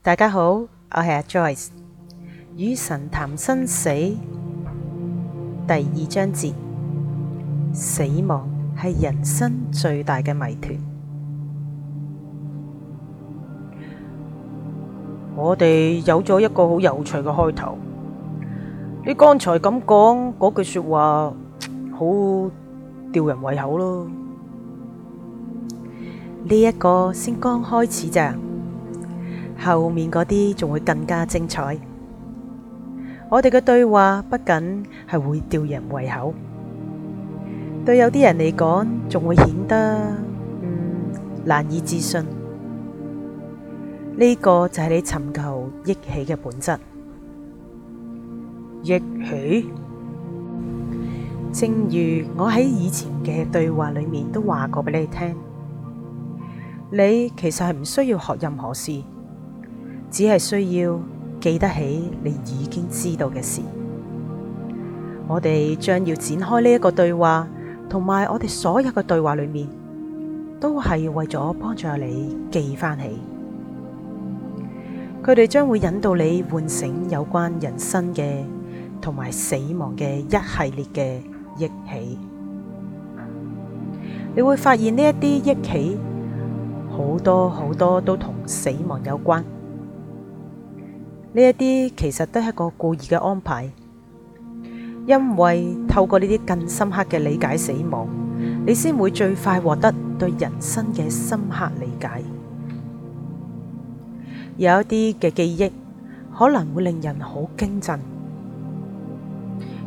大家好，我係阿 Joyce，與神談生死第二章節，死亡係人生最大嘅謎團。我哋有咗一個好有趣嘅開頭，你剛才咁講嗰句說話，好吊人胃口咯。呢一個先剛開始咋。後面嗰啲仲會更加精彩。我哋嘅對話不僅係會吊人胃口，對有啲人嚟講仲會顯得嗯，難以置信。呢個就係你尋求益起嘅本質。益起，正如我喺以前嘅對話裏面都話過俾你聽，你其實係唔需要學任何事。只係需要記得起你已經知道嘅事。我哋將要展開呢一個對話，同埋我哋所有嘅對話裏面，都係為咗幫助你記翻起。佢哋將會引導你喚醒有關人生嘅同埋死亡嘅一系列嘅憶起。你會發現呢一啲憶起好多好多都同死亡有關。呢一啲其實都係一個故意嘅安排，因為透過呢啲更深刻嘅理解死亡，你先會最快獲得對人生嘅深刻理解。有一啲嘅記憶可能會令人好驚訝，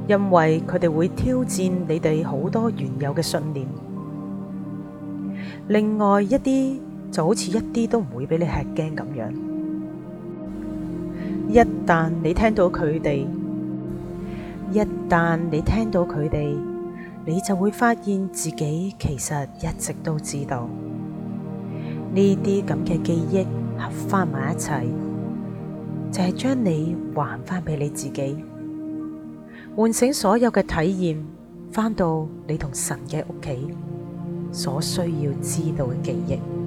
因為佢哋會挑戰你哋好多原有嘅信念。另外一啲就好似一啲都唔會俾你吃驚咁樣。一旦你聽到佢哋，一旦你聽到佢哋，你就會發現自己其實一直都知道呢啲咁嘅記憶。合翻埋一齊，就係將你還翻俾你自己，喚醒所有嘅體驗，翻到你同神嘅屋企所需要知道嘅記憶。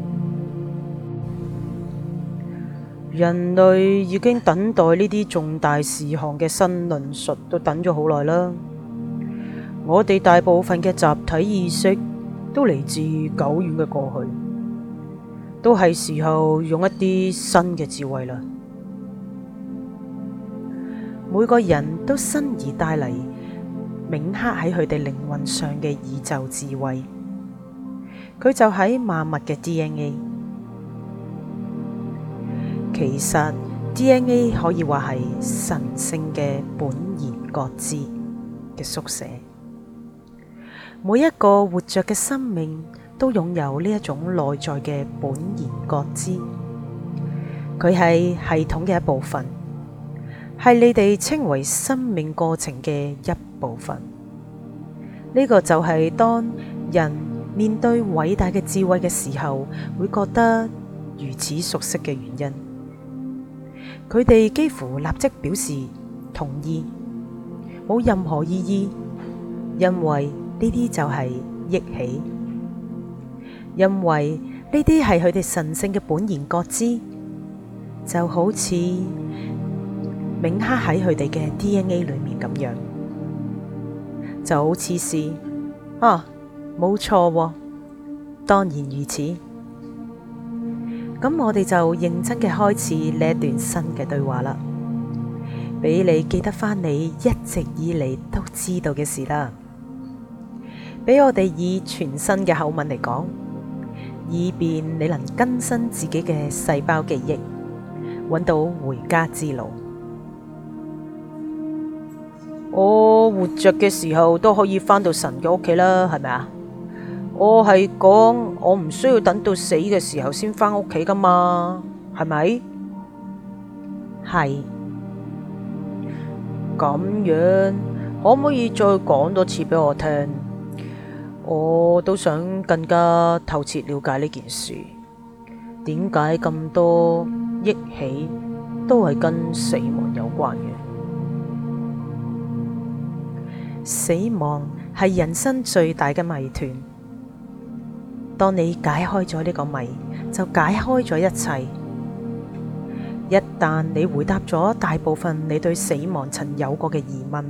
人類已經等待呢啲重大事項嘅新論述都等咗好耐啦。我哋大部分嘅集體意識都嚟自久遠嘅過去，都係時候用一啲新嘅智慧啦。每個人都生而帶嚟銘刻喺佢哋靈魂上嘅宇宙智慧，佢就喺萬物嘅 DNA。其實 DNA 可以話係神聖嘅本然覺知嘅縮寫。每一個活着嘅生命都擁有呢一種內在嘅本然覺知，佢係系統嘅一部分，係你哋稱為生命過程嘅一部分。呢個就係當人面對偉大嘅智慧嘅時候，會覺得如此熟悉嘅原因。佢哋幾乎立即表示同意，冇任何異議，因為呢啲就係憶起，因為呢啲係佢哋神聖嘅本然覺知，就好似銘刻喺佢哋嘅 DNA 裏面咁樣，就好似是啊，冇錯，當然如此。咁我哋就認真嘅開始呢一段新嘅對話啦，畀你記得返你一直以嚟都知道嘅事啦，畀我哋以全新嘅口吻嚟講，以便你能更新自己嘅細胞記憶，揾到回家之路。我活着嘅時候都可以翻到神嘅屋企啦，係咪啊？我係講，我唔需要等到死嘅時候先返屋企噶嘛，係咪？係咁樣，可唔可以再講多次畀我聽？我都想更加透徹了解呢件事。點解咁多益起都係跟死亡有關嘅？死亡係人生最大嘅謎團。當你解開咗呢個謎，就解開咗一切。一旦你回答咗大部分你對死亡曾有過嘅疑問，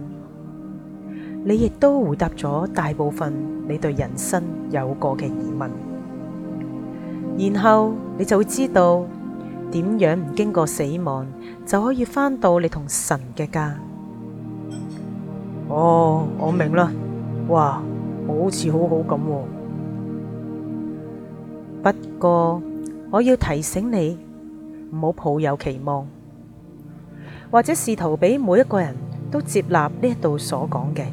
你亦都回答咗大部分你對人生有過嘅疑問。然後你就會知道點樣唔經過死亡就可以翻到你同神嘅家。哦，我明啦！哇，好似好好咁喎。不過，我要提醒你唔好抱有期望，或者試圖俾每一個人都接納呢一度所講嘅，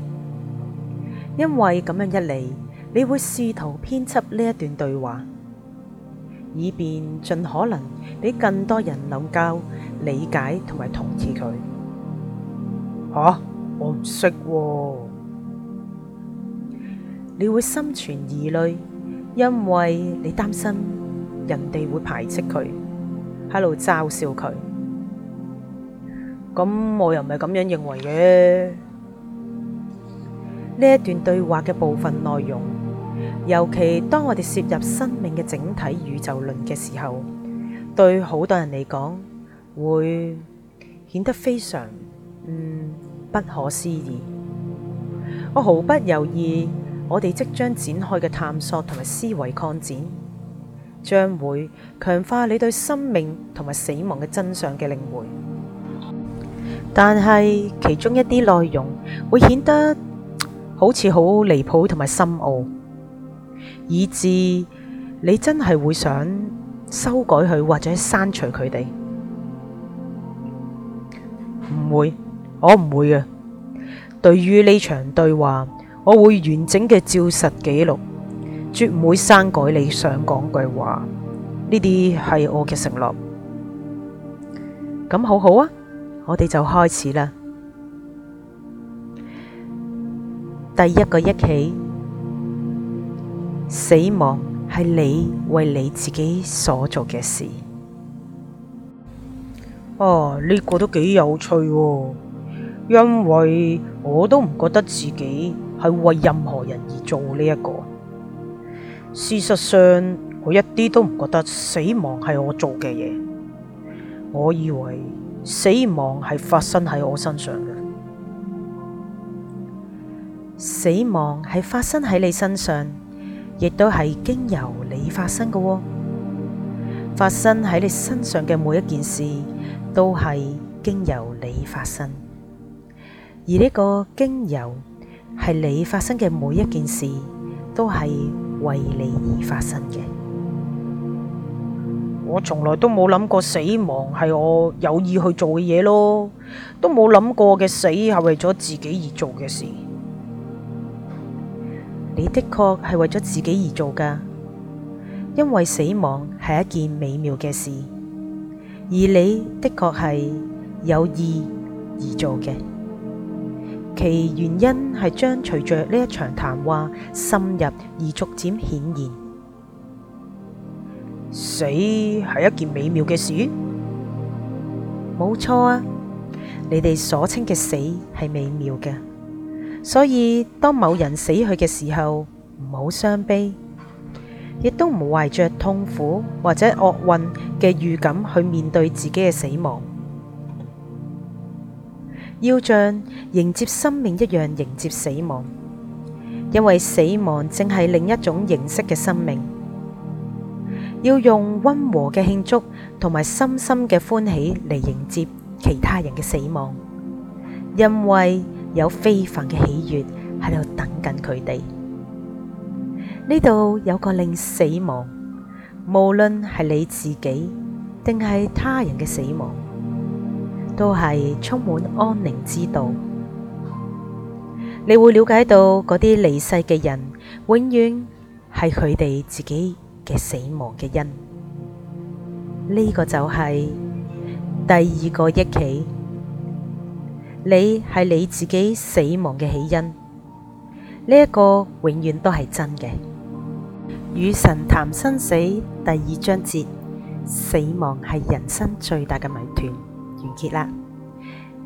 因為咁樣一嚟，你會試圖編輯呢一段對話，以便盡可能俾更多人能夠理解同埋同意佢。吓，我唔識，你會心存疑慮。因為你擔心人哋會排斥佢喺度嘲笑佢，咁我又唔係咁樣認為嘅。呢一段對話嘅部分內容，尤其當我哋涉入生命嘅整體宇宙論嘅時候，對好多人嚟講，會顯得非常嗯，不可思議。我毫不猶豫。我哋即將展開嘅探索同埋思維擴展，將會強化你對生命同埋死亡嘅真相嘅領會。但係其中一啲內容會顯得好似好離譜同埋深奧，以致你真係會想修改佢或者刪除佢哋。唔會，我唔會嘅。對於呢場對話。我會完整嘅照實記錄，絕唔會刪改你想講嘅話。呢啲係我嘅承諾。咁好好啊，我哋就開始啦。第一個一起，死亡係你為你自己所做嘅事。哦，呢、呢個都幾有趣，因為我都唔覺得自己。係為任何人而做呢一個。事實上，我一啲都唔覺得死亡係我做嘅嘢。我以為死亡係發生喺我身上嘅，死亡係發生喺你身上，亦都係經由你發生㗎喎。發生喺你身上嘅每一件事，都係經由你發生，而呢個經由。係你發生嘅每一件事，都係為你而發生嘅。我從來都冇諗過死亡係我有意去做嘅嘢咯，都冇諗過我嘅死係為咗自己而做嘅事。你的確係為咗自己而做㗎，因為死亡係一件美妙嘅事，而你的確係有意而做嘅。其原因係將隨着呢一場談話深入而逐漸顯現。死係一件美妙嘅事，冇錯啊！你哋所稱嘅死係美妙嘅，所以當某人死去嘅時候，唔好傷悲，亦都唔懷着痛苦或者厄運嘅預感去面對自己嘅死亡。要像迎接生命一樣迎接死亡，因為死亡正係另一種形式嘅生命。要用溫和嘅慶祝同埋深深嘅歡喜嚟迎接其他人嘅死亡，因為有非凡嘅喜悦喺度等緊佢哋。呢度有個令死亡，無論係你自己定係他人嘅死亡，都係充滿安寧之道。你會了解到嗰啲離世嘅人，永遠係佢哋自己嘅死亡嘅因。呢、這個就係第二個益起，你係你自己死亡嘅起因。呢、這、一個永遠都係真嘅。與神談生死第二章節，死亡係人生最大嘅謎團。完結啦，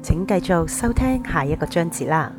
請繼續收聽下一個章節啦。